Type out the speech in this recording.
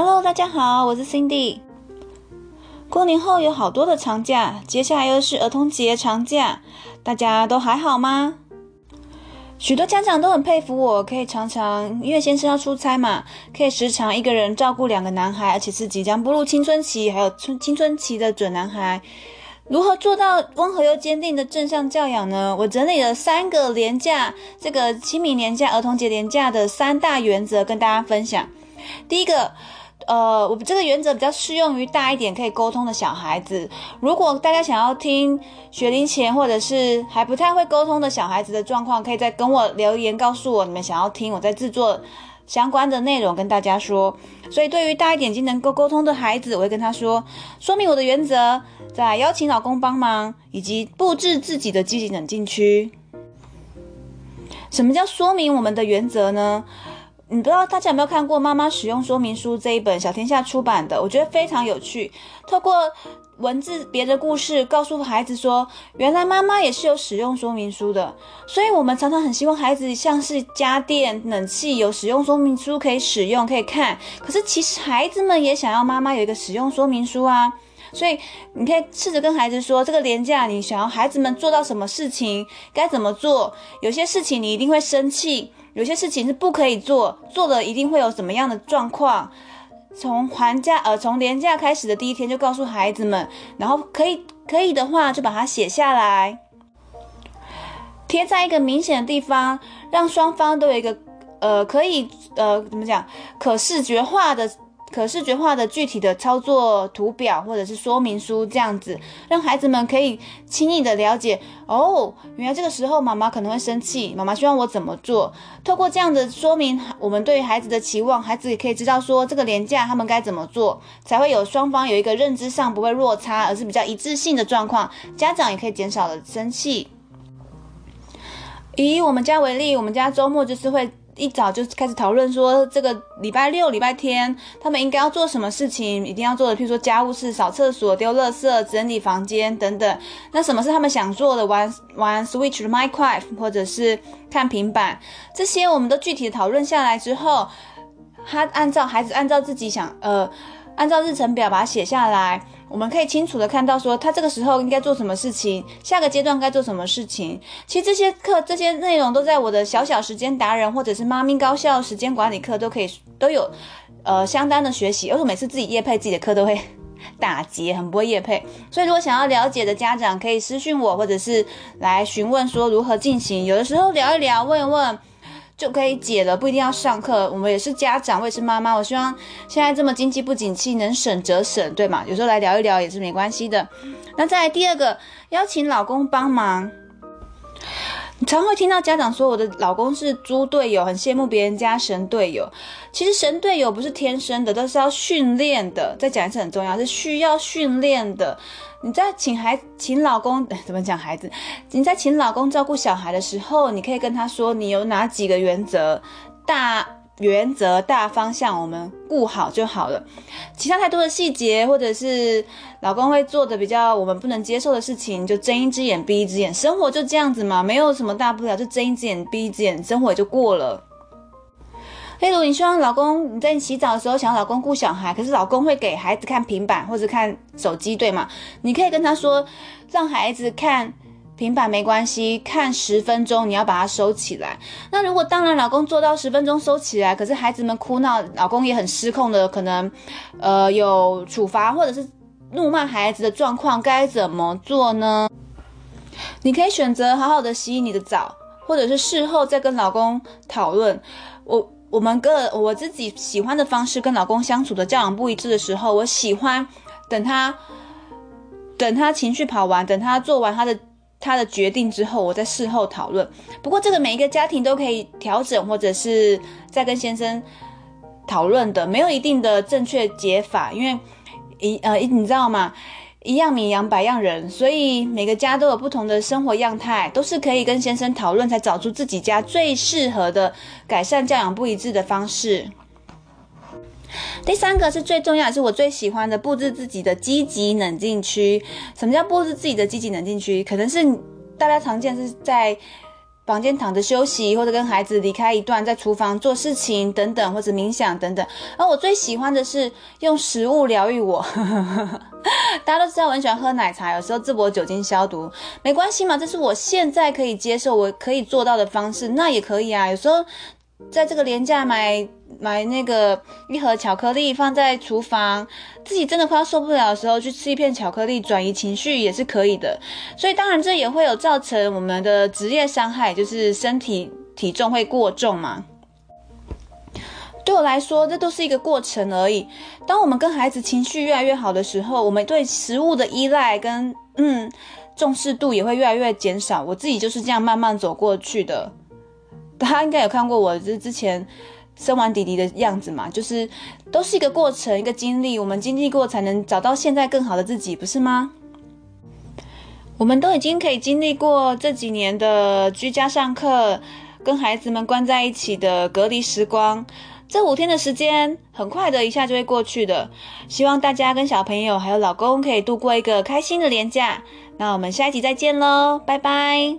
Hello，大家好，我是 Cindy。過年後有好多的長假，接下來又是兒童節長假，大家都還好嗎？許多家長都很佩服我，可以常常因為先生要出差嘛，可以時常一個人照顧兩個男孩，而且是即將步入青春期還有春青春期的準男孩，如何做到溫和又堅定的正向教養呢？我整理了三個連假，這個清明連假、兒童節連假的三大原則跟大家分享。第一個。呃，我們這個原則比較適用於大一點可以溝通的小孩子。如果大家想要聽學齡前或者是還不太會溝通的小孩子的狀況，可以再跟我留言告訴我你們想要聽，我再製作相關的內容跟大家說。所以對於大一點已經能夠溝通的孩子，我會跟他說，說明我的原則，再邀請老公幫忙以及佈置自己的積極冷靜區。什麼叫說明我們的原則呢？你不知道大家有沒有看過《媽媽使用說明書》這一本小天下出版的？我覺得非常有趣，透過文字、別的故事，告訴孩子說，原來媽媽也是有使用說明書的。所以，我們常常很希望孩子像是家電、冷氣有使用說明書可以使用、可以看。可是，其實孩子們也想要媽媽有一個使用說明書啊。所以，你可以試着跟孩子說，這個連假，你想要孩子們做到什麼事情，該怎麼做？有些事情你一定會生氣。有些事情是不可以做，做了一定會有怎麼樣的狀況。從寒假，呃，從連假開始的第一天就告訴孩子們，然後可以，可以的話就把它寫下來，貼在一個明顯的地方，讓雙方都有一個，呃，可以，呃，怎麼講，可視覺化的。可視覺化的具體的操作圖表或者是說明書這樣子，讓孩子們可以輕易的了解哦。原來這個時候媽媽可能會生氣，媽媽希望我怎麼做？透過這樣的說明，我們對於孩子的期望，孩子也可以知道說，這個連假他們該怎麼做，才會有雙方有一個認知上不會落差，而是比較一致性的狀況。家長也可以減少了生氣。以我們家為例，我們家周末就是會。一早就開始討論說，這個禮拜六、禮拜天他們應該要做什麼事情，一定要做的，譬如說家務事、掃廁所、丟垃圾、整理房間等等。那什麼是他們想做的？玩玩 Switch 的 Minecraft，或者是看平板這些，我們都具體的討論下來之後，他按照孩子按照自己想，呃。按照日程表把它寫下來，我們可以清楚地看到說他這個時候應該做什麼事情，下個階段該做什麼事情。其實這些課這些內容都在我的小小時間達人或者是媽咪高效時間管理課都可以都有，呃，相當的學習。而且每次自己業配自己的課都會打結，很不會業配。所以如果想要了解的家長可以私訊我，或者是來詢問說如何進行。有的時候聊一聊，問一問。就可以解了，不一定要上課。我們也是家長，我也是媽媽。我希望現在這麼經濟不景氣，能省則省，對嗎？有時候來聊一聊也是沒關係的。那再來第二個，邀請老公幫忙。常會聽到家長說，我的老公是豬隊友，很羨慕別人家神隊友。其實神隊友不是天生的，都是要訓練的。再講一次很重要，是需要訓練的。你在請孩請老公怎麼講孩子？你在請老公照顧小孩的時候，你可以跟他說你有哪幾個原則，大原則大方向我們顧好就好了。其他太多的細節或者是老公會做的比較我們不能接受的事情，就睜一隻眼閉一隻眼，生活就這樣子嘛，沒有什麼大不了，就睜一隻眼閉一隻眼，生活也就過了。例如，你希望老公你在洗澡的時候想要老公顧小孩，可是老公會給孩子看平板或者看手機，對嗎？你可以跟他說，讓孩子看平板沒關係，看十分鐘你要把它收起來。那如果當然老公做到十分鐘收起來，可是孩子們哭鬧，老公也很失控的，可能呃有處罰或者是怒罵孩子的狀況，該怎麼做呢？你可以選擇好好的洗你的澡，或者是事後再跟老公討論。我。我們個我自己喜歡的方式跟老公相處的教養不一致的時候，我喜歡等他，等他情緒跑完，等他做完他的他的決定之後，我再事後討論。不過這個每一個家庭都可以調整，或者是再跟先生討論的，沒有一定的正確解法，因為一呃，你知道嗎？一樣米養百樣人，所以每個家都有不同的生活樣態，都是可以跟先生討論，才找出自己家最適合的改善教養不一致的方式。第三個是最重要的，是我最喜歡的布置自己的積極冷靜區。什麼叫布置自己的積極冷靜區？可能是大家常見是在房間躺着休息，或者跟孩子離開一段，在廚房做事情等等，或者冥想等等。而我最喜歡的是用食物療癒我。呵呵呵大家都知道我很喜歡喝奶茶，有時候自我酒精消毒，沒關係嘛，這是我現在可以接受，我可以做到的方式，那也可以啊。有時候在這個連假買買那個一盒巧克力放在廚房，自己真的快要受不了的時候，去吃一片巧克力轉移情緒也是可以的。所以當然這也會有造成我們的職業傷害，就是身體體重會過重嘛。對我來說，這都是一個過程而已。當我們跟孩子情緒越來越好的時候，我們對食物的依賴跟嗯重視度也會越來越減少。我自己就是這樣慢慢走過去的。大家應該有看過我之之前生完弟弟的樣子嘛。就是都是一個過程，一個經歷。我們經歷過，才能找到現在更好的自己，不是嗎？我們都已經可以經歷過這幾年的居家上課，跟孩子們關在一起的隔離時光。這五天的時間很快的，一下就會過去的。希望大家跟小朋友還有老公可以度過一個開心的連假。那我們下一集再見嘍，拜拜。